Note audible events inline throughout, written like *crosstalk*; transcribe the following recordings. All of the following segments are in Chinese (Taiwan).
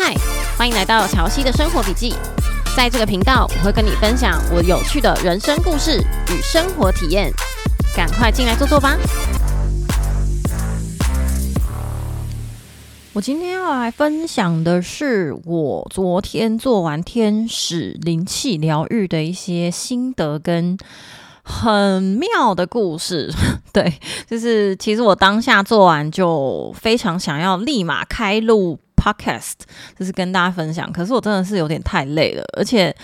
嗨，歡迎來到蕎希的生活筆記。在這個頻道，我會跟你分享我有趣的人生故事與生活體驗。趕快進來坐坐吧！我今天要來分享的是我昨天做完天使靈氣療癒的一些心得跟很妙的故事。對，就是其實我當下做完就非常想要立馬開路。Podcast，就是跟大家分享，可是我真的是有點太累了，而且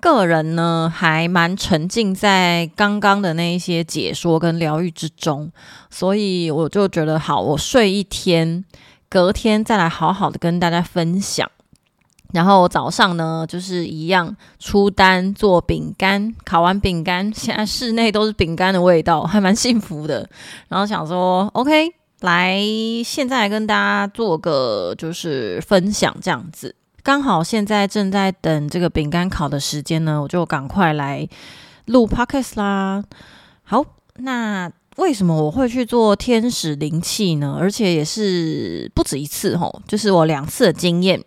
個人呢還蠻沉浸在剛剛的那一些解說跟療癒之中，所以我就覺得好，我睡一天，隔天再來好好的跟大家分享。然後早上呢，就是一樣出單做餅乾，烤完餅乾，現在室內都是餅乾的味道，還蠻幸福的。然後想說，OK。來，現在來跟大家做個就是分享這樣子，剛好現在正在等這個餅乾烤的時間呢，我就趕快來錄 podcast 啦。好，那為什麼我會去做天使靈氣呢？而且也是不止一次吼、哦，就是我兩次的經驗。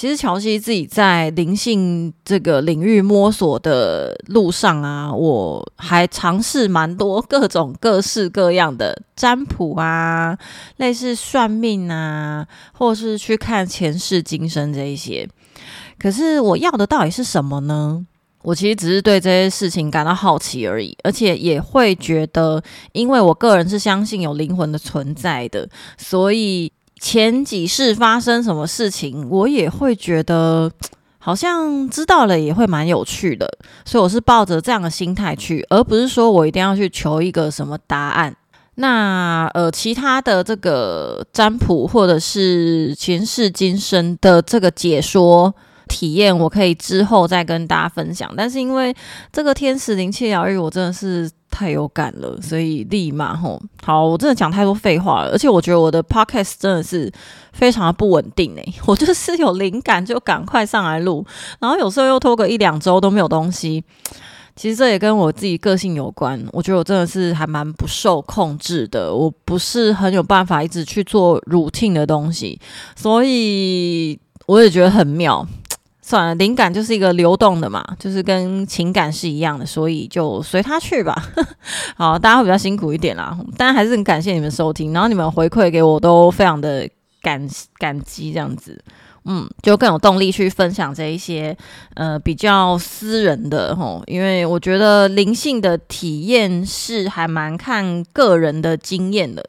其實蕎希自己在靈性這個領域摸索的路上啊，我還嘗試蠻多各種各式各樣的占卜啊，類似算命啊，或是去看前世今生這一些。可是我要的到底是什麼呢？我其實只是對這些事情感到好奇而已，而且也會覺得因為我個人是相信有靈魂的存在的，所以。前幾世发生什麼事情，我也會覺得好像知道了也會蠻有趣的，所以我是抱着這樣的心態去，而不是說我一定要去求一個什麼答案。那呃，其他的這個占卜或者是前世今生的這個解說體驗，我可以之後再跟大家分享。但是因為這個天使靈氣療癒，我真的是。太有感了，所以立馬吼。好，我真的講太多廢話了，而且我覺得我的 podcast 真的是非常的不穩定欸。我就是有靈感就趕快上來錄，然後有時候又拖個一兩周都沒有東西。其實這也跟我自己個性有關，我覺得我真的是還蠻不受控制的，我不是很有辦法一直去做 routine 的東西，所以我也覺得很妙。算了，靈感就是一個流動的嘛，就是跟情感是一樣的，所以就隨他去吧。 *laughs* 好，大家會比較辛苦一點啦，當然還是很感謝你們收聽，然後你們回饋給我，我都非常的感感激，這樣子，嗯，就更有動力去分享這一些呃比較私人的齁。因為我覺得靈性的體驗是還蠻看個人的經驗的，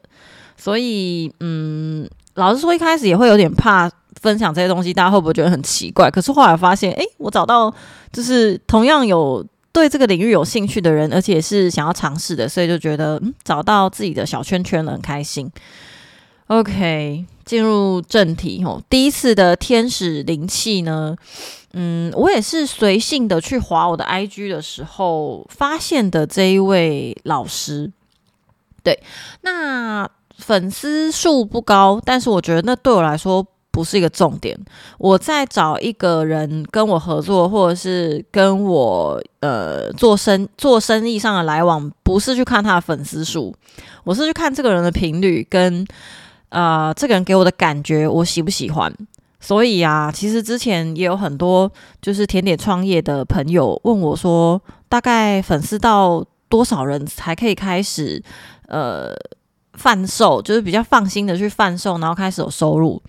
所以嗯，老實說一開始也會有點怕。分享這些東西，大家會不會覺得很奇怪？可是後來發現，誒、欸，我找到就是同樣有對這個領域有興趣的人，而且也是想要嘗試的，所以就覺得嗯，找到自己的小圈圈了，很開心。OK，進入正題哦。第一次的天使靈氣呢，嗯，我也是隨性的去滑我的 IG 的時候發現的這一位老師。對，那粉絲數不高，但是我覺得那對我來說，不是一個重點。我在找一個人跟我合作，或者是跟我呃做生做生意上的來往，不是去看他的粉絲數，我是去看這個人的頻率跟呃這個人給我的感覺，我喜不喜歡。所以啊，其實之前也有很多就是甜點創業的朋友問我說，大概粉絲到多少人才可以開始呃販售，就是比較放心的去販售，然後開始有收入。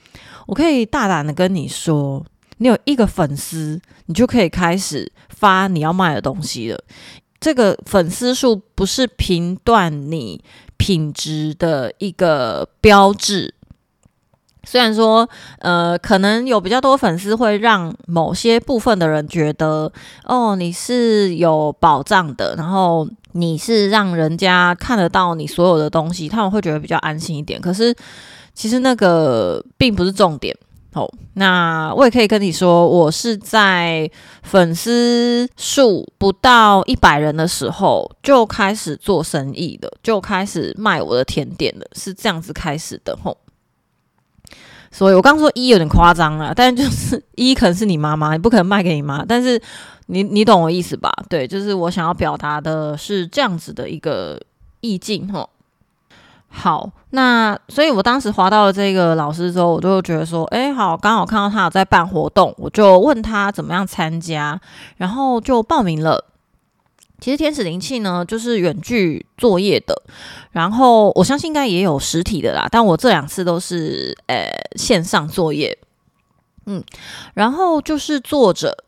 我可以大膽的跟你說，你有一個粉絲，你就可以開始發你要賣的東西了。這個粉絲數不是評斷你品質的一個標誌。雖然說，呃，可能有比較多粉絲會讓某些部分的人覺得，哦，你是有保障的，然後你是讓人家看得到你所有的東西，他們會覺得比較安心一點。可是，其實那個並不是重點，哦。那我也可以跟你說，我是在粉絲數不到一百人的時候就開始做生意的，就開始賣我的甜點的，是這樣子開始的，吼。所以我剛說一有點誇張了，但就是一可能是你媽媽，你不可能賣給你媽，但是你你懂我意思吧？對，就是我想要表達的是這樣子的一個意境，吼。好，那所以，我當時滑到了這個老師之後，我就覺得說，哎，好，剛好看到他有在辦活動，我就問他怎麼樣參加，然後就報名了。其實天使靈氣呢，就是遠距作業的，然後我相信應該也有實體的啦，但我這兩次都是誒、呃，線上作業。嗯，然後就是作者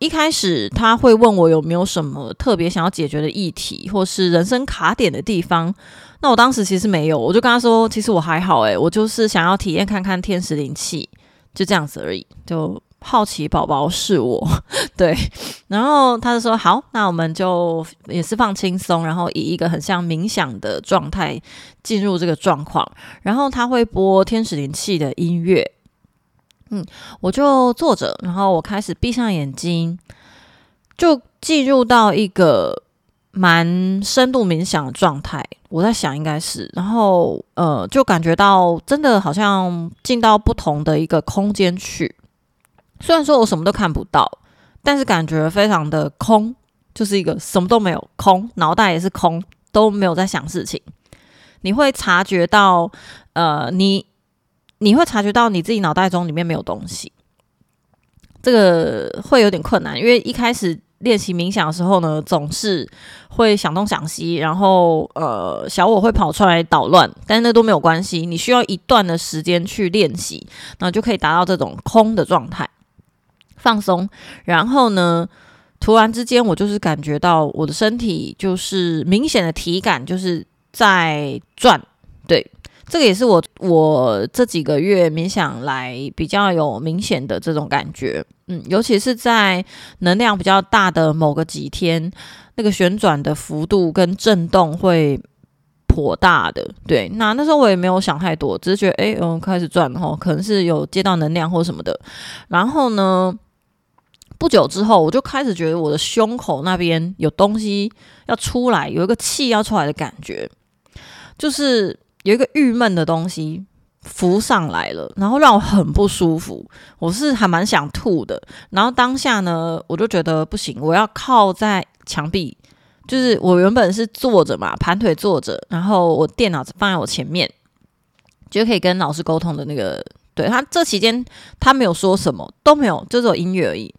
一開始他會問我有沒有什麼特別想要解決的議題，或是人生卡點的地方。那我當時其實沒有，我就跟他說：“其實我還好，誒，我就是想要體驗看看天使靈氣，就這樣子而已，就好奇寶寶是我，對。”然後他就說：“好，那我們就也是放輕鬆，然後以一個很像冥想的狀態進入這個狀況。”然後他會播天使靈氣的音樂，嗯，我就坐着，然後我開始閉上眼睛，就進入到一個蠻深度冥想的狀態。我在想，應該是，然後，呃，就感覺到真的好像進到不同的一個空間去。雖然說我什麼都看不到，但是感覺非常的空，就是一個什麼都沒有，空，腦袋也是空，都沒有在想事情。你會察覺到，呃，你，你會察覺到你自己腦袋中裡面沒有東西。這個會有點困難，因為一開始。練習冥想的時候呢，總是會想東想西，然後呃，小我會跑出來搗亂，但是那都沒有關係，你需要一段的時間去練習，那就可以達到這種空的狀態，放鬆。然後呢，突然之間，我就是感覺到我的身體就是明顯的體感就是在轉，對。這個也是我我這幾個月冥想來比較有明顯的這種感覺，嗯，尤其是在能量比較大的某個幾天，那個旋轉的幅度跟震動會頗大的。對，那那時候我也沒有想太多，只是覺得哎，我、哦、開始轉了，可能是有接到能量或什麼的。然後呢，不久之後我就開始覺得我的胸口那邊有東西要出來，有一個氣要出來的感覺，就是。有一個鬱悶的東西浮上來了，然後讓我很不舒服，我是還蠻想吐的。然後當下呢，我就覺得不行，我要靠在牆壁，就是我原本是坐着嘛，盤腿坐着，然後我電腦放在我前面，就可以跟老師溝通的那個。對，他這期間他沒有說什麼，都沒有，就只有音樂而已。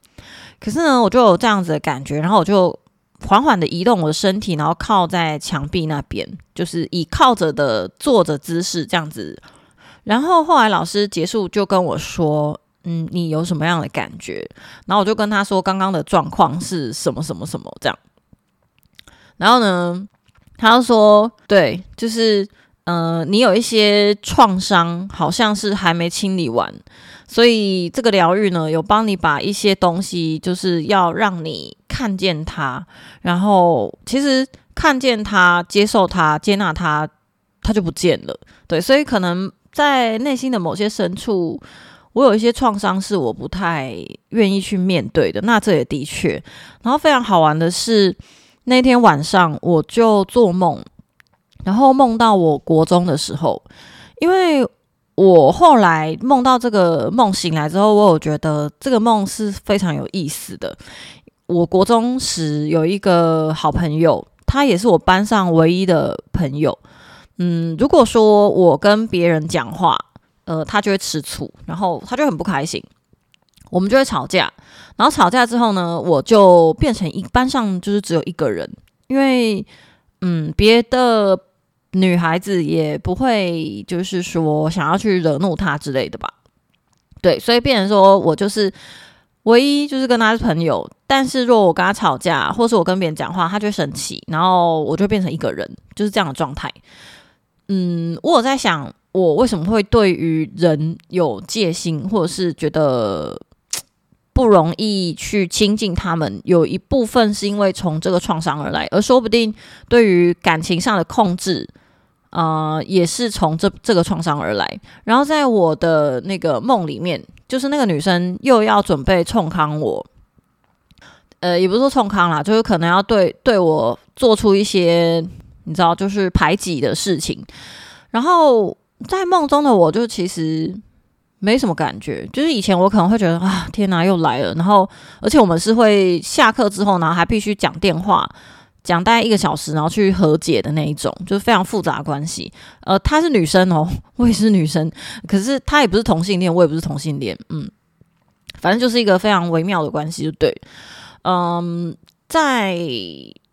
可是呢，我就有這樣子的感覺，然後我就。緩緩的移動我的身體，然後靠在牆壁那邊，就是以靠着的坐着姿勢這樣子。然後後來老師結束就跟我說：“嗯，你有什麼樣的感覺？”然後我就跟他說：“剛剛的狀況是什麼什麼什麼這樣。”然後呢，他就說：“對，就是嗯、呃，你有一些創傷，好像是還沒清理完，所以這個療癒呢，有幫你把一些東西，就是要讓你。”看見他，然後其實看見他，接受他，接納他，他就不見了。對，所以可能在內心的某些深處，我有一些創傷是我不太願意去面對的。那這也的確，然後非常好玩的是，那天晚上我就做夢，然後夢到我國中的時候，因為我後來夢到這個夢醒來之後，我有覺得這個夢是非常有意思的。我國中時有一個好朋友，他也是我班上唯一的朋友。嗯，如果說我跟別人講話，呃，他就會吃醋，然後他就很不開心，我們就會吵架。然後吵架之後呢，我就變成一，班上就是只有一個人，因為嗯，別的女孩子也不會就是說想要去惹怒他之類的吧。對，所以變成說我就是。唯一就是跟他是朋友，但是若我跟他吵架，或是我跟別人講話，他就生氣，然後我就變成一個人，就是這樣的狀態。嗯，我有在想，我為什麼會對於人有戒心，或者是覺得不容易去親近他們？有一部分是因為從這個創傷而來，而說不定對於感情上的控制，呃，也是從這這個創傷而來。然後在我的那個夢裡面。就是那個女生又要準備衝康我，呃，也不是說衝康啦，就是可能要對對我做出一些你知道，就是排擠的事情。然後在夢中的我就其實沒什麼感覺，就是以前我可能會覺得啊，天哪，又來了。然後而且我們是會下課之後呢，然後還必須講電話。講大概一個小時，然後去和解的那一種，就是非常複雜的關係。呃，她是女生哦，我也是女生，可是她也不是同性戀，我也不是同性戀，嗯，反正就是一個非常微妙的關係，就對。嗯，在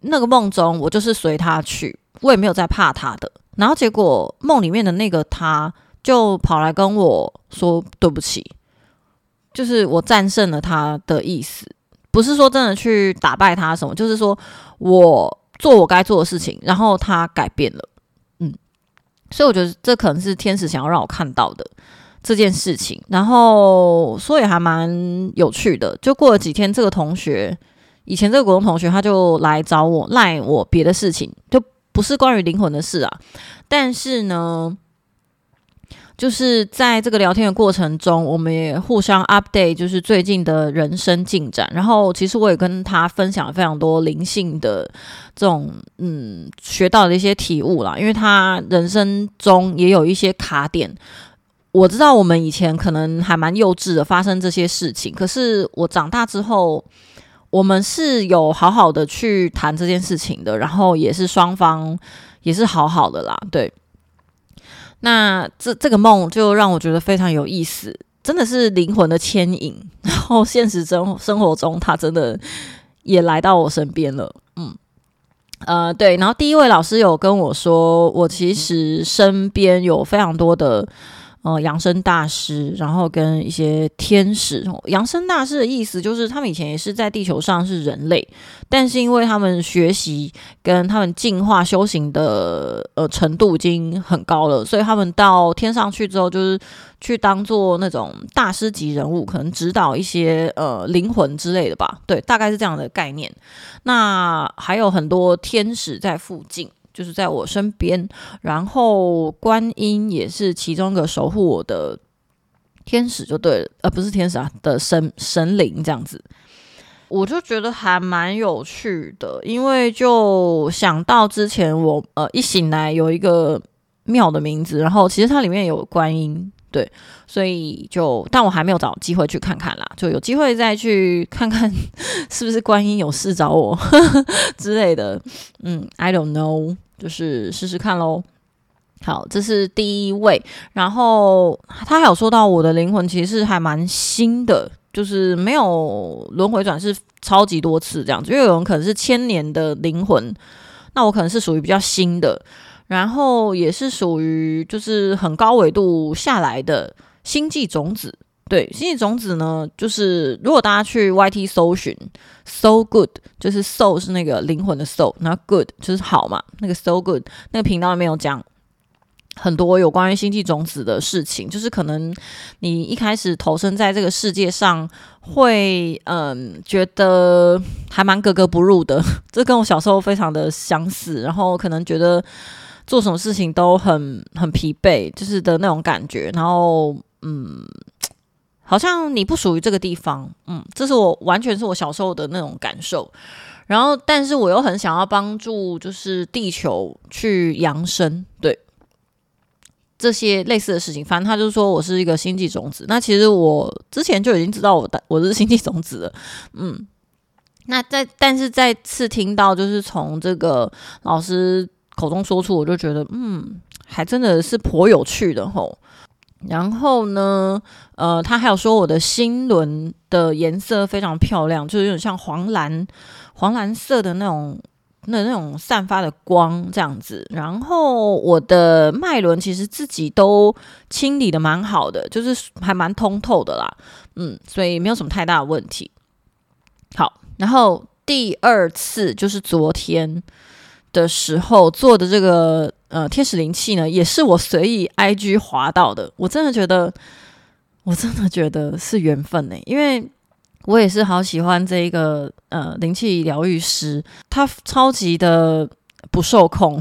那個夢中，我就是隨他去，我也沒有在怕他的。然後結果夢裡面的那個他就跑來跟我說對不起，就是我戰勝了他的意思。不是說真的去打敗他什麼，就是說我做我該做的事情，然後他改變了，嗯，所以我覺得這可能是天使想要讓我看到的這件事情。然後，所以還蠻有趣的。就過了幾天，這個同學，以前這個國中同學，他就來找我，賴我別的事情，就不是關於靈魂的事啊。但是呢。就是在這個聊天的過程中，我們也互相 update，就是最近的人生進展。然後，其實我也跟他分享了非常多靈性的這種嗯學到的一些體悟啦。因為他人生中也有一些卡點，我知道我們以前可能還蠻幼稚的，發生這些事情。可是我長大之後，我們是有好好的去談這件事情的，然後也是雙方也是好好的啦，對。那這這個夢就讓我覺得非常有意思，真的是靈魂的牽引。然後現實生生活中，他真的也來到我身邊了。嗯，呃，對。然後第一位老師有跟我說，我其實身邊有非常多的。呃，揚升大師，然後跟一些天使。哦、揚升大師的意思就是，他們以前也是在地球上是人類，但是因為他們學習跟他們進化修行的呃程度已經很高了，所以他們到天上去之後，就是去當做那種大師級人物，可能指導一些呃靈魂之類的吧。對，大概是這樣的概念。那還有很多天使在附近。就是在我身邊，然後觀音也是其中一個守護我的天使，就對了，呃，不是天使啊，的神神靈這樣子，我就覺得還蠻有趣的，因為就想到之前我呃一醒來有一個廟的名字，然後其實它裡面也有觀音，對，所以就但我還沒有找機會去看看啦，就有機會再去看看是不是觀音有事找我呵呵之類的，嗯，I don't know。就是試試看嘍。好，這是第一位。然後他還有說到我的靈魂其實還蠻新的，就是沒有輪迴轉世超級多次這樣子，因為有人可能是千年的靈魂，那我可能是屬於比較新的，然後也是屬於就是很高維度下來的星際種子。對，星際種子呢，就是如果大家去 YT 搜尋，so good，就是 so 是那個靈魂的 so，然後 good 就是好嘛，那個 so good 那個頻道裡面有講很多有關於星際種子的事情，就是可能你一開始投身在這個世界上會，會嗯覺得還蠻格格不入的，這跟我小時候非常的相似，然後可能覺得做什麼事情都很很疲憊，就是的那種感覺，然後嗯。好像你不屬於這個地方，嗯，這是我完全是我小時候的那種感受。然後，但是我又很想要幫助，就是地球去揚升，對這些類似的事情。反正他就說我是一個星際種子。那其實我之前就已經知道我的我是星際種子了，嗯。那再但是再次聽到，就是從這個老師口中說出，我就覺得，嗯，還真的是頗有趣的，吼。然後呢，呃，他還有說我的心輪的顏色非常漂亮，就是有點像黃藍、黃藍色的那種那那種散發的光這樣子。然後我的脈輪其實自己都清理的蠻好的，就是還蠻通透的啦，嗯，所以沒有什麼太大的問題。好，然後第二次就是昨天的時候做的這個。呃，天使靈氣呢，也是我隨意 IG 滑到的。我真的覺得，我真的覺得是緣分呢，因為我也是好喜歡這一個呃靈氣療癒師，他超級的不受控，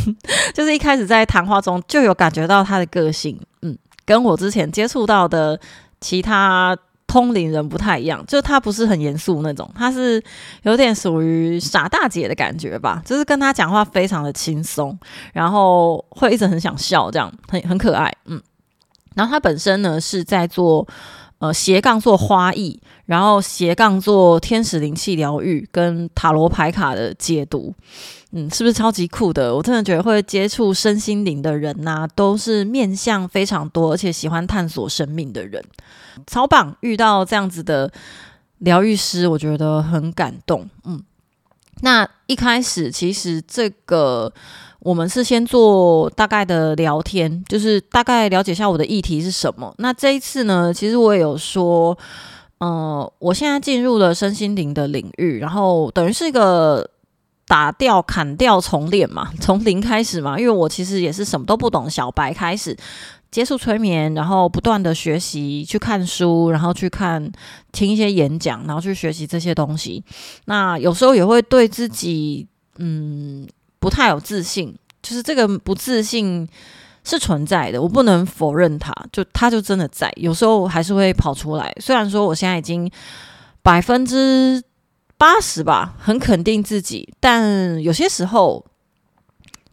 *laughs* 就是一開始在談話中就有感覺到他的個性，嗯，跟我之前接觸到的其他通靈人不太一樣，就他不是很嚴肅那種，他是有點屬於傻大姐的感覺吧，就是跟他講話非常的輕鬆，然後會一直很想笑，這樣很很可愛，嗯。然後他本身呢是在做。呃，斜槓做花藝，然後斜槓做天使靈氣療癒跟塔羅牌卡的解讀，嗯，是不是超級酷的？我真的覺得會接觸身心靈的人吶、啊，都是面向非常多，而且喜歡探索生命的人。嗯、超棒遇到，這樣子的療癒師，我覺得很感動。嗯，那一開始其實這個。我們是先做大概的聊天，就是大概了解一下我的議題是什麼。那這一次呢，其實我也有說，嗯、呃，我現在進入了身心靈的領域，然後等於是一個打掉、砍掉、重練嘛，從零開始嘛。因為我其實也是什麼都不懂，小白開始接觸催眠，然後不斷的學習，去看書，然後去看聽一些演講，然後去學習這些東西。那有時候也會對自己，嗯。不太有自信，就是這個不自信是存在的，我不能否認他，就他就真的在，有時候還是會跑出來。雖然說我現在已經百分之八十吧，很肯定自己，但有些時候。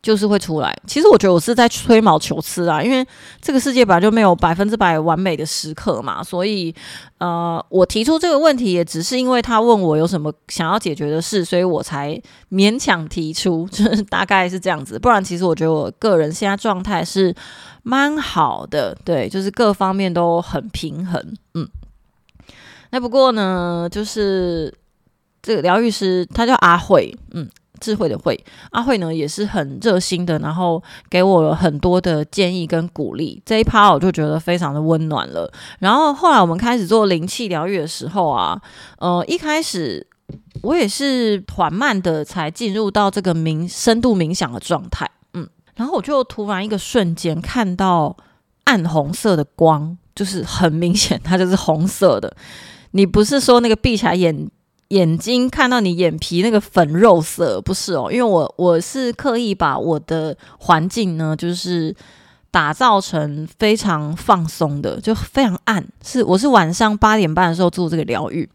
就是會出來。其實我覺得我是在吹毛求疵啊，因為這個世界本來就沒有百分之百完美的時刻嘛。所以，呃，我提出這個問題也只是因為他問我有什麼想要解決的事，所以我才勉強提出，就是大概是這樣子。不然，其實我覺得我個人現在狀態是蠻好的，對，就是各方面都很平衡。嗯，那不過呢，就是這個療癒師，他叫阿慧，嗯。智慧的慧，阿慧呢，也是很熱心的，然後給我了很多的建議跟鼓勵。這一趴我就覺得非常的溫暖了。然後後來我們開始做靈氣療癒的時候啊，呃，一開始我也是緩慢的才進入到這個冥深度冥想的狀態。嗯，然後我就突然一個瞬間看到暗紅色的光，就是很明顯，它就是紅色的。你不是說那個閉起來眼？眼睛看到你眼皮那個粉肉色不是哦，因為我我是刻意把我的環境呢，就是打造成非常放鬆的，就非常暗。是我是晚上八點半的時候做這個療癒，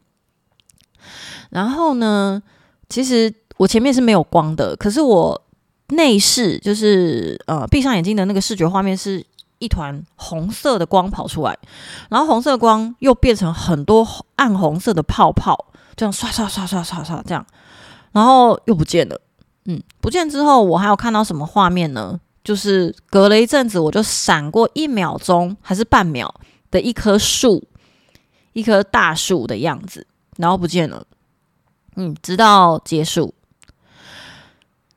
然後呢，其實我前面是沒有光的，可是我內視就是呃，閉上眼睛的那個視覺畫面是一團紅色的光跑出來，然後紅色光又變成很多暗紅色的泡泡。這樣刷刷刷刷刷刷這樣，然後又不見了。嗯，不見之後我還有看到什麼畫面呢？就是隔了一陣子，我就閃過一秒鐘還是半秒的一棵樹，一棵大樹的樣子，然後不見了。嗯，直到結束。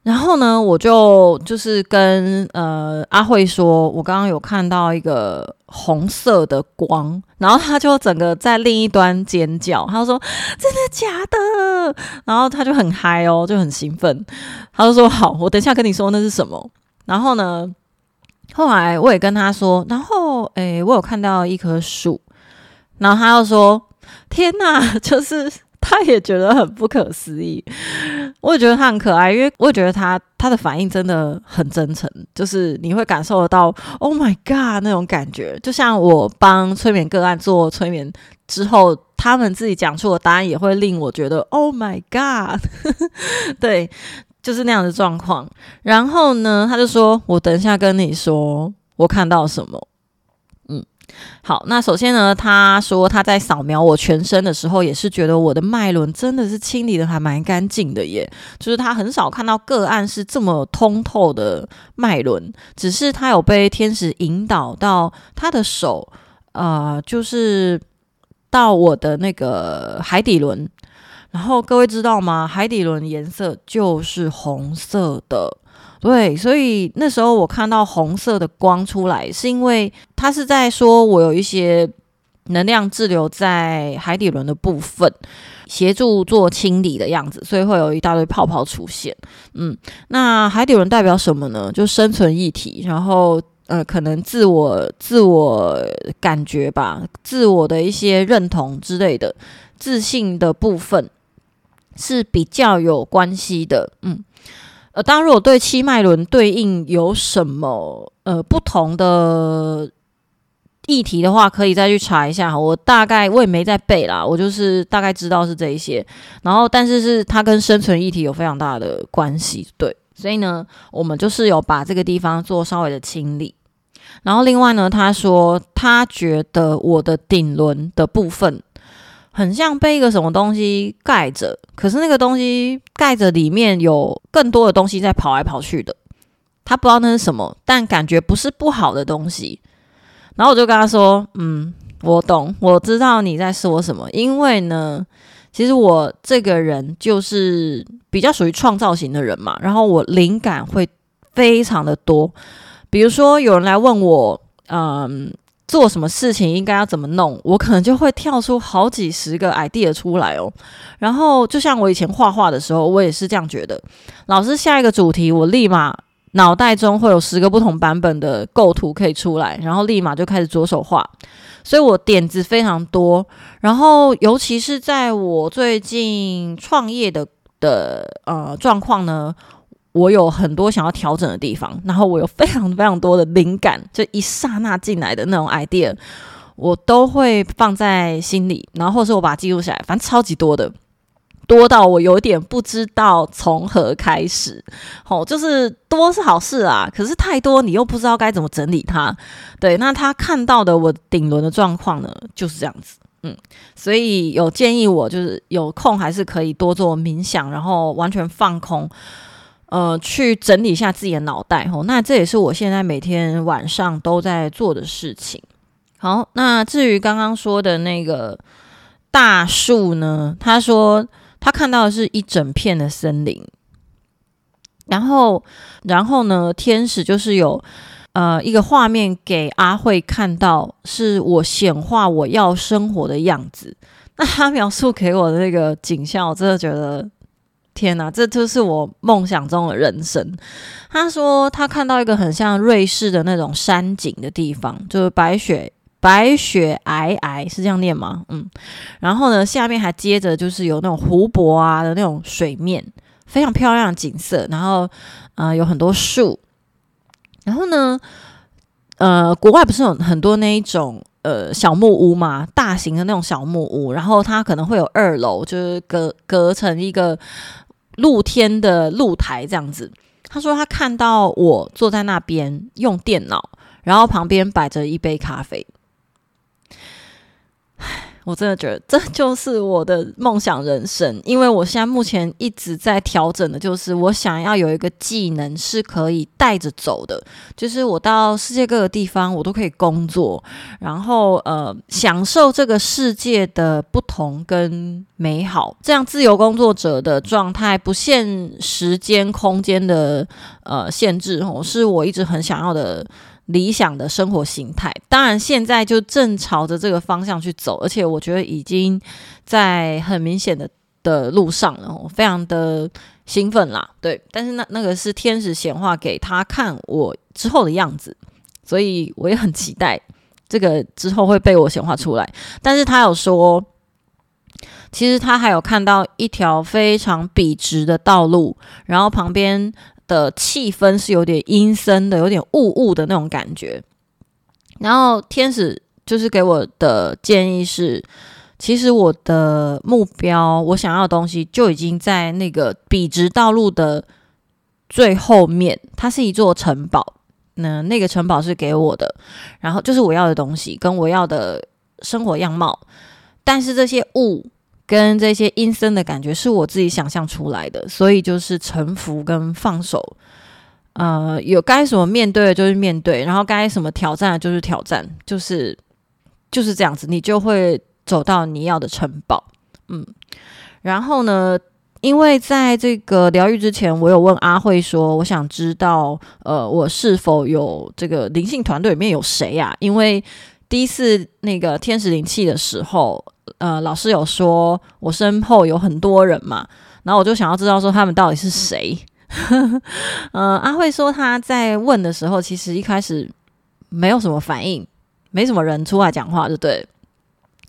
然後呢，我就就是跟呃阿慧說，我剛剛有看到一個紅色的光，然後他就整個在另一端尖叫，他就說真的假的？然後他就很嗨哦，就很興奮，他就說好，我等一下跟你說那是什麼。然後呢，後來我也跟他說，然後誒，我有看到一棵樹，然後他就說天吶，就是。他也覺得很不可思議，我也覺得他很可愛，因為我也覺得他他的反應真的很真誠，就是你會感受得到 “Oh my God” 那種感覺，就像我幫催眠個案做催眠之後，他們自己講出的答案也會令我覺得 “Oh my God”， *laughs* 對，就是那樣的狀況。然後呢，他就說：“我等一下跟你說我看到什麼。”好，那首先呢，他說他在掃描我全身的時候，也是覺得我的脈輪真的是清理的還蠻乾淨的耶，就是他很少看到個案是這麼通透的脈輪，只是他有被天使引導到他的手，啊、呃，就是到我的那個海底輪，然後各位知道嗎？海底輪顏色就是紅色的。對，所以那時候我看到紅色的光出來，是因為它是在說我有一些能量滯留在海底輪的部分，協助做清理的樣子，所以會有一大堆泡泡出現。嗯，那海底輪代表什麼呢？就生存議題，然後呃，可能自我、自我感覺吧，自我的一些認同之類的，自信的部分是比較有關係的。嗯。呃，當然，如果對七脈輪對應有什麼呃不同的議題的話，可以再去查一下。我大概我也沒在背啦，我就是大概知道是這一些。然後，但是是它跟生存議題有非常大的關係，對。所以呢，我們就是有把這個地方做稍微的清理。然後，另外呢，他說他覺得我的頂輪的部分。很像被一個什麼東西蓋着，可是那個東西蓋着裡面有更多的東西在跑來跑去的，他不知道那是什麼，但感覺不是不好的東西。然後我就跟他說：“嗯，我懂，我知道你在說什麼。因為呢，其實我這個人就是比較屬於創造型的人嘛，然後我靈感會非常的多。比如說有人來問我，嗯。”做什麼事情應該要怎麼弄，我可能就會跳出好幾十個 idea 出來哦。然後就像我以前畫畫的時候，我也是這樣覺得。老師下一個主題，我立馬腦袋中會有十個不同版本的構圖可以出來，然後立馬就開始着手畫。所以我點子非常多。然後尤其是在我最近創業的的呃狀況呢。我有很多想要調整的地方，然後我有非常非常多的靈感，就一剎那進來的那種 idea，我都會放在心裡，然後或者是我把它記錄下來，反正超級多的，多到我有點不知道從何開始。好，就是多是好事啊，可是太多你又不知道該怎麼整理它。對，那他看到的我頂輪的狀況呢，就是這樣子。嗯，所以有建議我就是有空還是可以多做冥想，然後完全放空。呃，去整理一下自己的腦袋吼，那這也是我現在每天晚上都在做的事情。好，那至於剛剛說的那個大樹呢？他說他看到的是一整片的森林，然後，然後呢，天使就是有呃一個畫面給阿慧看到，是我顯化我要生活的樣子。那他描述給我的那個景象，我真的覺得。天吶，這就是我夢想中的人生。他說他看到一個很像瑞士的那種山景的地方，就是白雪白雪皚皚，是這樣念嗎？嗯，然後呢，下面還接着就是有那種湖泊啊的那種水面，非常漂亮的景色。然後啊、呃，有很多樹。然後呢，呃，國外不是有很多那一種呃小木屋嘛，大型的那種小木屋，然後它可能會有二樓，就是隔隔成一個露天的露台這樣子，他說他看到我坐在那邊用電腦，然後旁邊擺着一杯咖啡。我真的覺得這就是我的夢想人生，因為我現在目前一直在調整的，就是我想要有一個技能是可以帶着走的，就是我到世界各個地方我都可以工作，然後呃享受這個世界的不同跟美好，這樣自由工作者的狀態，不限時間空間的呃限制哦，是我一直很想要的。理想的生活形態，當然現在就正朝着這個方向去走，而且我覺得已經在很明顯的的路上了，非常的興奮啦。對，但是那那個是天使顯化給他看我之後的樣子，所以我也很期待這個之後會被我顯化出來。但是他有說，其實他還有看到一條非常筆直的道路，然後旁邊。的氣氛是有點陰森的，有點霧霧的那種感覺。然後天使就是給我的建議是，其實我的目標，我想要的東西就已經在那個筆直道路的最後面，它是一座城堡，嗯，那個城堡是給我的，然後就是我要的東西跟我要的生活樣貌。但是這些霧跟這些陰森的感覺是我自己想象出來的，所以就是臣服跟放手，呃，有該什麼面對的就是面對，然後該什麼挑戰的就是挑戰，就是就是這樣子，你就會走到你要的城堡。嗯，然後呢，因為在這個療癒之前，我有問阿慧說，我想知道，呃，我是否有這個靈性團隊裡面有誰呀？因為第一次那個天使靈氣的時候。呃，老師有說，我身後有很多人嘛，然後我就想要知道說他們到底是誰。 *laughs* 呃，阿慧說他在問的時候，其實一開始沒有什麼反應，沒什麼人出來講話，對不對？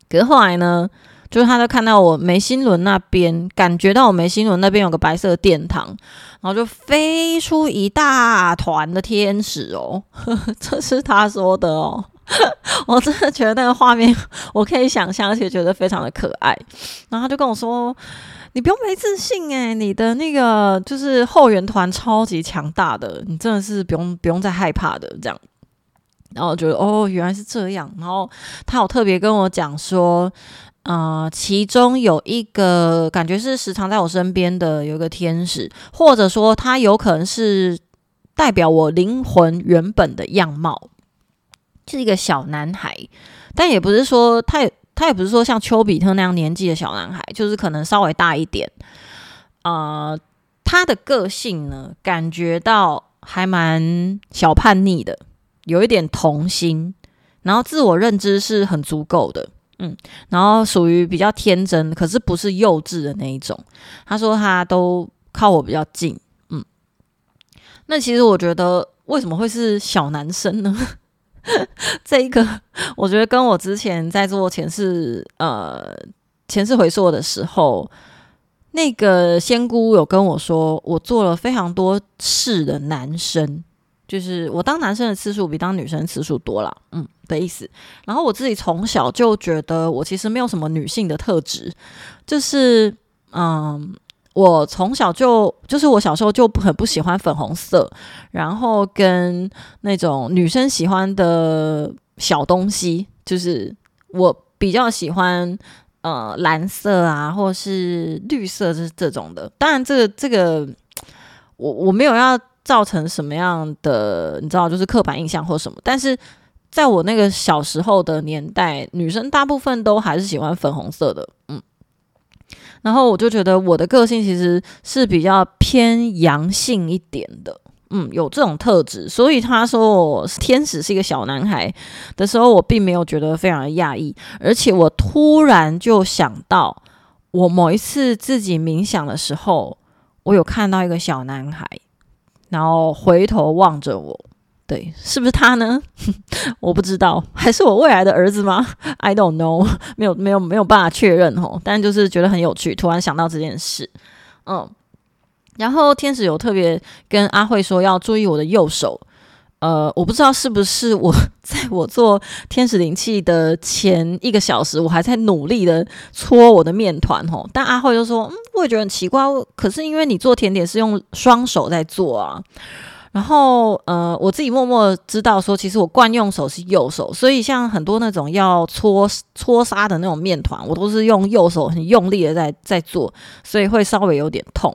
可是後來呢，就是他就看到我眉心輪那邊，感覺到我眉心輪那邊有個白色的殿堂，然後就飛出一大團的天使哦， *laughs* 這是他說的哦。 *laughs* 我真的覺得那個畫面我可以想象，而且覺得非常的可愛。然後他就跟我說：“你不用沒自信哎、欸，你的那個就是後援團超級強大的，你真的是不用不用再害怕的。”這樣，然後我覺得哦，原來是這樣。然後他有特別跟我講說：“呃，其中有一個感覺是時常在我身邊的，有一個天使，或者說他有可能是代表我靈魂原本的樣貌。”是一個小男孩，但也不是說他也他也不是說像丘比特那樣年紀的小男孩，就是可能稍微大一點。呃，他的個性呢，感覺到還蠻小叛逆的，有一點童心，然後自我認知是很足夠的，嗯，然後屬於比較天真，可是不是幼稚的那一種。他說他都靠我比較近，嗯。那其實我覺得為什麼會是小男生呢？ *laughs* 這一個，我覺得跟我之前在做前世呃前世回溯的時候，那個仙姑有跟我說，我做了非常多次的男生，就是我當男生的次數比當女生的次數多了，嗯的意思。然後我自己從小就覺得，我其實沒有什麼女性的特質，就是嗯。我從小就就是我小時候就很不喜歡粉紅色，然後跟那種女生喜歡的小東西，就是我比較喜歡呃藍色啊，或是綠色就是這種的。當然，這個，這個這個我我沒有要造成什麼樣的，你知道，就是刻板印象或什麼。但是，在我那個小時候的年代，女生大部分都還是喜歡粉紅色的。嗯。然後我就覺得我的個性其實是比較偏陽性一點的，嗯，有這種特質。所以他說我天使是一個小男孩的時候，我並沒有覺得非常的訝異，而且我突然就想到，我某一次自己冥想的時候，我有看到一個小男孩，然後回頭望着我。對，是不是他呢？ *laughs* 我不知道，還是我未來的兒子嗎？I don't know，沒有沒有沒有辦法確認哦。但就是覺得很有趣，突然想到這件事。嗯，然後天使有特別跟阿慧說要注意我的右手。呃，我不知道是不是我在我做天使靈氣的前一個小時，我還在努力的搓我的麵團哦。但阿慧就說：“嗯，我也覺得很奇怪。可是因為你做甜點是用雙手在做啊。”然後，呃，我自己默默知道說，其實我慣用手是右手，所以像很多那種要搓搓殺的那種麵團，我都是用右手很用力的在在做，所以會稍微有點痛。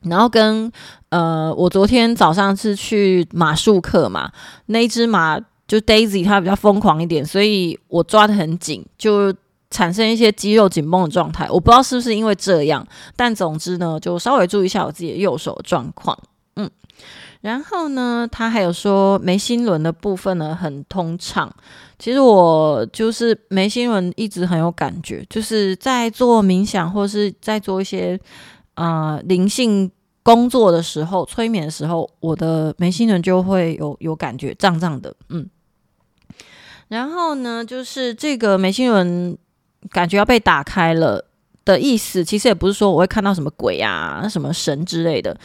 然後跟呃，我昨天早上是去馬術課嘛，那一隻馬就 Daisy 它比較瘋狂一點，所以我抓得很緊，就產生一些肌肉緊繃的狀態。我不知道是不是因為這樣，但總之呢，就稍微注意一下我自己的右手的狀況。然後呢，他還有說眉心輪的部分呢，很通暢。其實我就是眉心輪一直很有感覺，就是在做冥想或者是在做一些啊、呃、靈性工作的時候、催眠的時候，我的眉心輪就會有有感覺脹脹的。嗯，然後呢，就是這個眉心輪感覺要被打開了的意思，其實也不是說我會看到什麼鬼啊、什麼神之類的。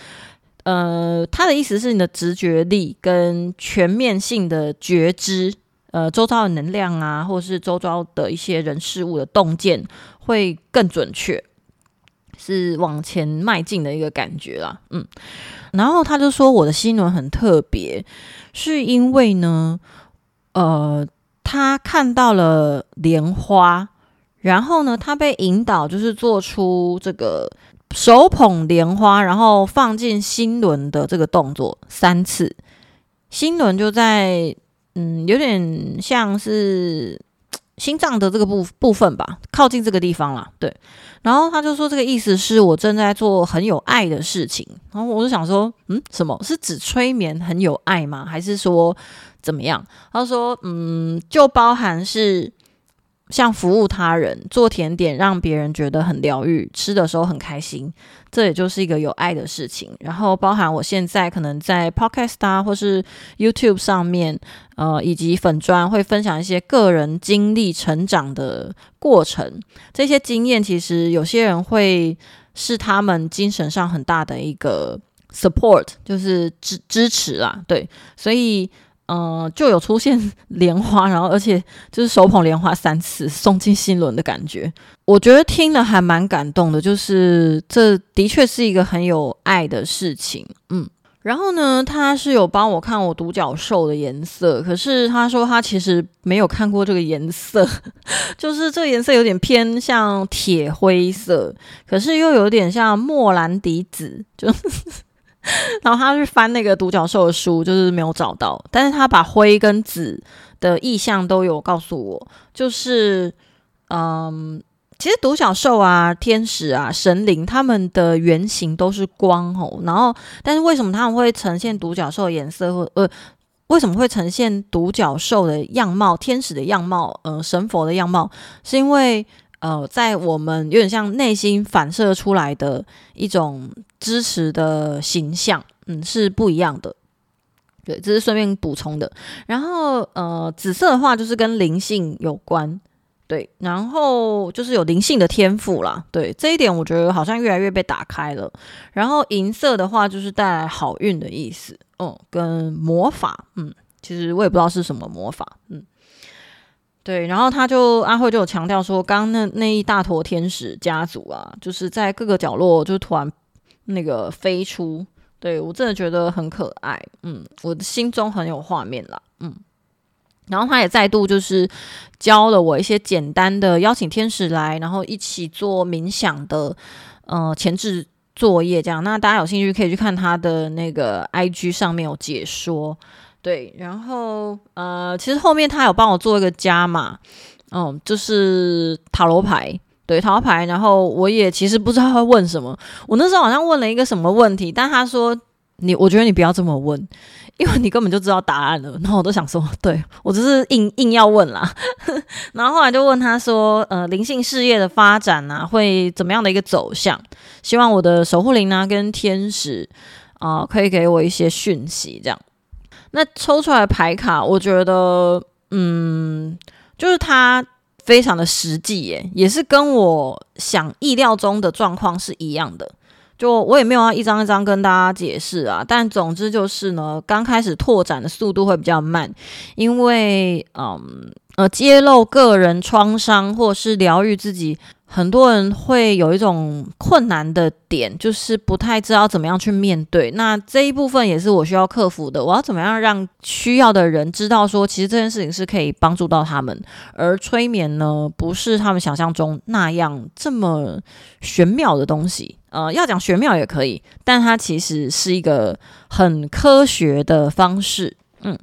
呃，他的意思是你的直覺力跟全面性的覺知，呃，周遭的能量啊，或者是周遭的一些人事物的洞見會更準確，是往前邁進的一個感覺啦。嗯，然後他就說我的心輪很特別，是因為呢，呃，他看到了蓮花，然後呢，他被引導就是做出這個。手捧蓮花，然後放進心輪的這個動作三次，心輪就在嗯，有點像是心臟的這個部部分吧，靠近這個地方啦。對，然後他就說這個意思是我正在做很有愛的事情，然後我就想說，嗯，什麼是指催眠很有愛嗎？還是說怎麼樣？他說，嗯，就包含是。像服務他人、做甜點讓別人覺得很療癒、吃的時候很開心，這也就是一個有愛的事情。然後包含我現在可能在 Podcast 啊，或是 YouTube 上面，呃，以及粉專會分享一些個人經歷、成長的過程。這些經驗其實有些人會是他們精神上很大的一個 support，就是支支持啦、啊。對，所以。嗯、呃，就有出現蓮花，然後而且就是手捧蓮花三次送進心輪的感覺，我覺得聽了還蠻感動的，就是這的確是一個很有愛的事情。嗯，然後呢，他是有幫我看我獨角獸的顏色，可是他說他其實沒有看過這個顏色，就是這個顏色有點偏向鐵灰色，可是又有點像莫蘭迪紫，就呵呵。 *laughs* 然後他去翻那個獨角獸的書，就是沒有找到，但是他把灰跟紫的意象都有告訴我，就是，嗯，其實獨角獸啊、天使啊、神靈他們的原型都是光吼、哦，然後，但是為什麼他們會呈現獨角獸的顏色或呃，為什麼會呈現獨角獸的樣貌、天使的樣貌、呃神佛的樣貌，是因為。呃，在我們有點像內心反射出來的一種支持的形象，嗯，是不一樣的。對，這是順便補充的。然後，呃，紫色的話就是跟靈性有關，對。然後就是有靈性的天賦啦，對，這一點我覺得好像越來越被打開了。然後銀色的話就是帶來好運的意思，哦，嗯，跟魔法，嗯，其實我也不知道是什麼魔法，嗯。對，然後他就阿慧就有強調說，剛剛那那一大坨天使家族啊，就是在各個角落，就突然那個飛出，對我真的覺得很可愛，嗯，我的心中很有畫面啦，嗯，然後他也再度就是教了我一些簡單的邀請天使來，然後一起做冥想的，呃，前置作業這樣，那大家有興趣可以去看他的那個 IG 上面有解說。對，然後呃，其實後面他有幫我做一個加碼嘛，嗯，就是塔羅牌，對塔羅牌。然後我也其實不知道會問什麼，我那時候好像問了一個什麼問題，但他說你，我覺得你不要這麼問，因為你根本就知道答案了。然後我都想說，對我只是硬硬要問啦。 *laughs* 然後後來就問他說，呃，靈性事業的發展呢、啊，會怎麼樣的一個走向？希望我的守護靈呢、啊，跟天使啊、呃，可以給我一些訊息，這樣。那抽出來的牌卡，我覺得，嗯，就是它非常的實際耶，也是跟我想意料中的狀況是一樣的。就我也沒有要一張一張跟大家解釋啊，但總之就是呢，剛開始拓展的速度會比較慢，因為，嗯。呃，揭露個人創傷或是療癒自己，很多人會有一種困難的點，就是不太知道怎麼樣去面對。那這一部分也是我需要克服的。我要怎麼樣讓需要的人知道，說其實這件事情是可以幫助到他們。而催眠呢，不是他們想象中那樣這麼玄妙的東西。呃，要講玄妙也可以，但它其實是一個很科學的方式。嗯。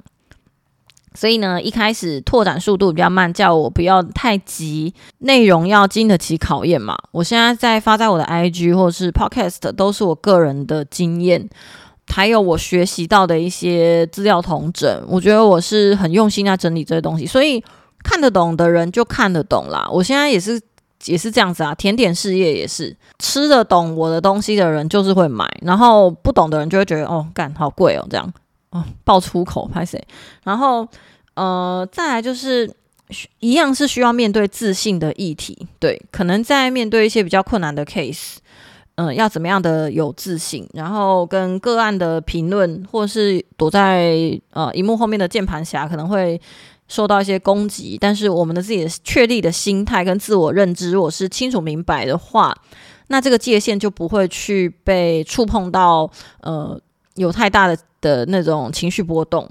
所以呢，一開始拓展速度比較慢，叫我不要太急，內容要經得起考驗嘛。我現在在發在我的 IG 或是 Podcast，都是我個人的經驗，還有我學習到的一些資料統整。我覺得我是很用心在整理這些東西，所以看得懂的人就看得懂啦。我現在也是也是這樣子啊，甜點事業也是，吃得懂我的東西的人就是會買，然後不懂的人就會覺得哦，幹，好貴哦，這樣。哦，爆粗口，拍誰？然後，呃，再來就是需一樣是需要面對自信的議題，對，可能在面對一些比較困難的 case，嗯、呃，要怎麼樣的有自信？然後跟個案的評論，或是躲在呃熒幕後面的鍵盤俠，可能會受到一些攻擊。但是我們的自己的確立的心態跟自我認知，如果是清楚明白的話，那這個界限就不會去被觸碰到，呃，有太大的。的那種情緒波動，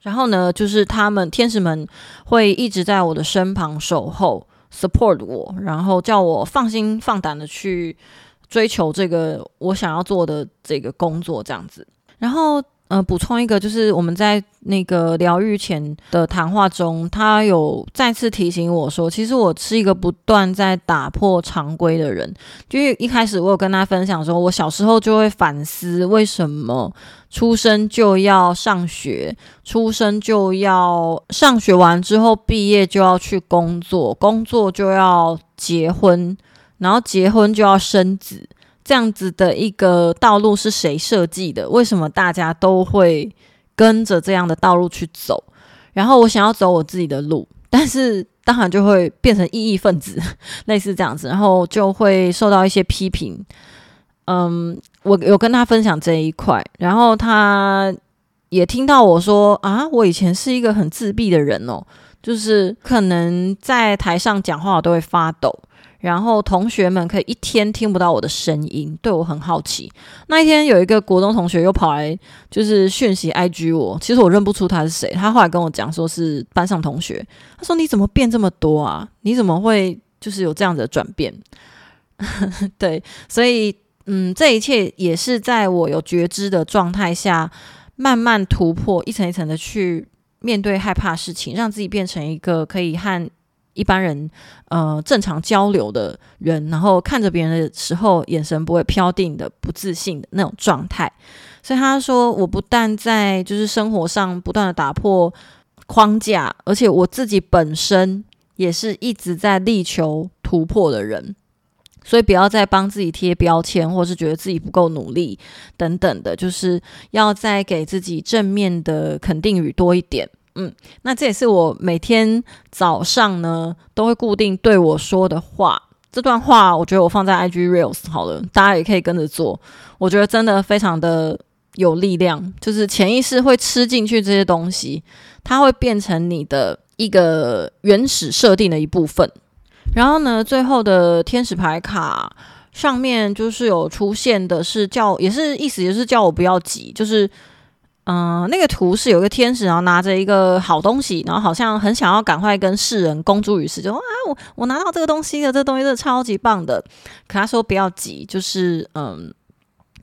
然後呢，就是他們天使們會一直在我的身旁守候，support 我，然後叫我放心放膽的去追求這個我想要做的這個工作，這樣子，然後。呃，補充一個，就是我們在那個療癒前的談話中，他有再次提醒我說，其實我是一個不斷在打破常規的人。就是一開始我有跟他分享說，我小時候就會反思，為什麼出生就要上學，出生就要上學完之後畢業就要去工作，工作就要結婚，然後結婚就要生子。這樣子的一個道路是誰設計的？為什麼大家都會跟着這樣的道路去走？然後我想要走我自己的路，但是當然就會變成異議分子，類似這樣子，然後就會受到一些批評。嗯，我有跟他分享這一塊，然後他也聽到我說，啊，我以前是一個很自閉的人哦、喔，就是可能在台上講話我都會發抖。然後同學們可以一天聽不到我的聲音，對我很好奇。那一天有一個國中同學又跑來，就是訊息 IG 我，其實我認不出他是誰。他後來跟我講，說是班上同學。他說：“你怎麼變這麼多啊？你怎麼會就是有這樣子的轉變？” *laughs* 對，所以嗯，這一切也是在我有覺知的狀態下，慢慢突破，一層一層的去面對害怕的事情，讓自己變成一個可以和。一般人，呃，正常交流的人，然後看着別人的時候，眼神不會飄定的，不自信的那種狀態。所以他說，我不但在就是生活上不斷的打破框架，而且我自己本身也是一直在力求突破的人。所以不要再幫自己貼標籤，或是覺得自己不夠努力等等的，就是要再給自己正面的肯定語多一點。嗯，那這也是我每天早上呢都會固定對我說的話。這段話我覺得我放在 IG Reels 好了，大家也可以跟着做。我覺得真的非常的有力量，就是潛意識會吃進去這些東西，它會變成你的一個原始設定的一部分。然後呢，最後的天使牌卡上面就是有出現的是叫，也是意思也是叫我不要急，就是。嗯，那個圖是有一個天使，然後拿着一個好東西，然後好像很想要趕快跟世人公諸於世，就啊，我我拿到這個東西的，這個、東西是、這個、超級棒的。可他說不要急，就是嗯，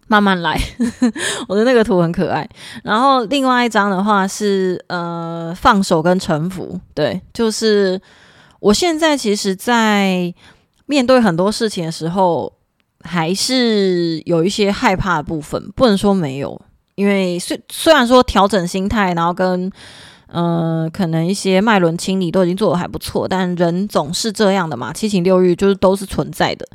慢慢來。 *laughs* 我的那個圖很可愛。然後另外一張的話是呃，放手跟臣服。對，就是我現在其實在面對很多事情的時候，還是有一些害怕的部分，不能說沒有。因為雖雖然說調整心態，然後跟嗯、呃、可能一些脈輪清理都已經做得還不錯，但人總是這樣的嘛，七情六欲就是都是存在的。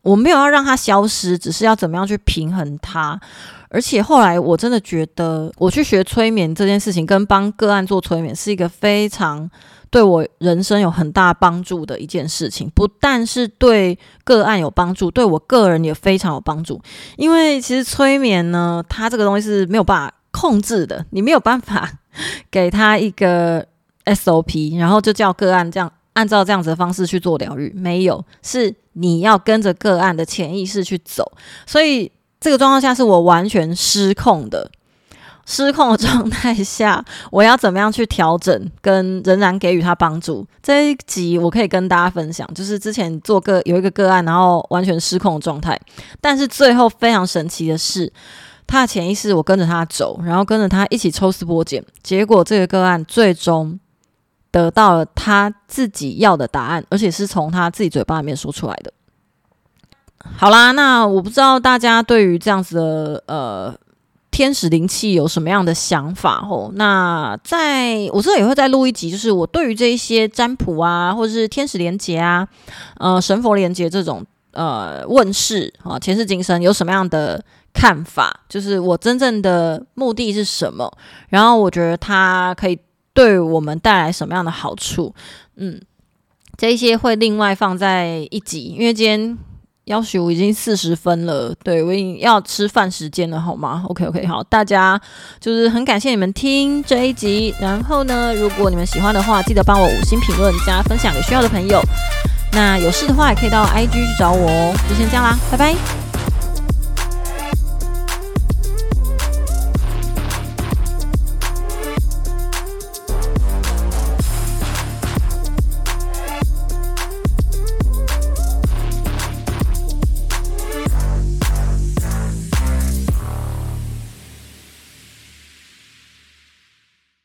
我沒有要讓它消失，只是要怎麼樣去平衡它。而且後來，我真的覺得我去學催眠這件事情，跟幫個案做催眠是一個非常對我人生有很大幫助的一件事情。不但是對個案有幫助，對我個人也非常有幫助。因為其實催眠呢，它這個東西是沒有辦法控制的，你沒有辦法給他一個 SOP，然後就叫個案這樣按照這樣子的方式去做療癒，沒有，是你要跟着個案的潛意識去走，所以。這個狀況下是我完全失控的，失控的狀態下，我要怎麼樣去調整，跟仍然給予他幫助？這一集我可以跟大家分享，就是之前做個有一個個案，然後完全失控的狀態，但是最後非常神奇的是，他的潛意識我跟着他走，然後跟着他一起抽絲剝繭，結果這個個案最終得到了他自己要的答案，而且是從他自己嘴巴裡面說出來的。好啦，那我不知道大家對於這樣子的呃天使靈氣有什麼樣的想法吼？那在我之後也會再錄一集，就是我對於這一些占卜啊，或者是天使連結啊，呃神佛連結這種呃問世啊、呃、前世今生有什麼樣的看法？就是我真正的目的是什麼？然後我覺得它可以對我們帶來什麼樣的好處？嗯，這一些會另外放在一集，因為今天。要許我已經四十分了，對，我已經要吃飯時間了，好嗎？OK OK，好，大家就是很感謝你們聽這一集，然後呢，如果你們喜歡的話，記得幫我五星評論加分享給需要的朋友。那有事的話也可以到 IG 去找我哦，就先這樣啦，拜拜。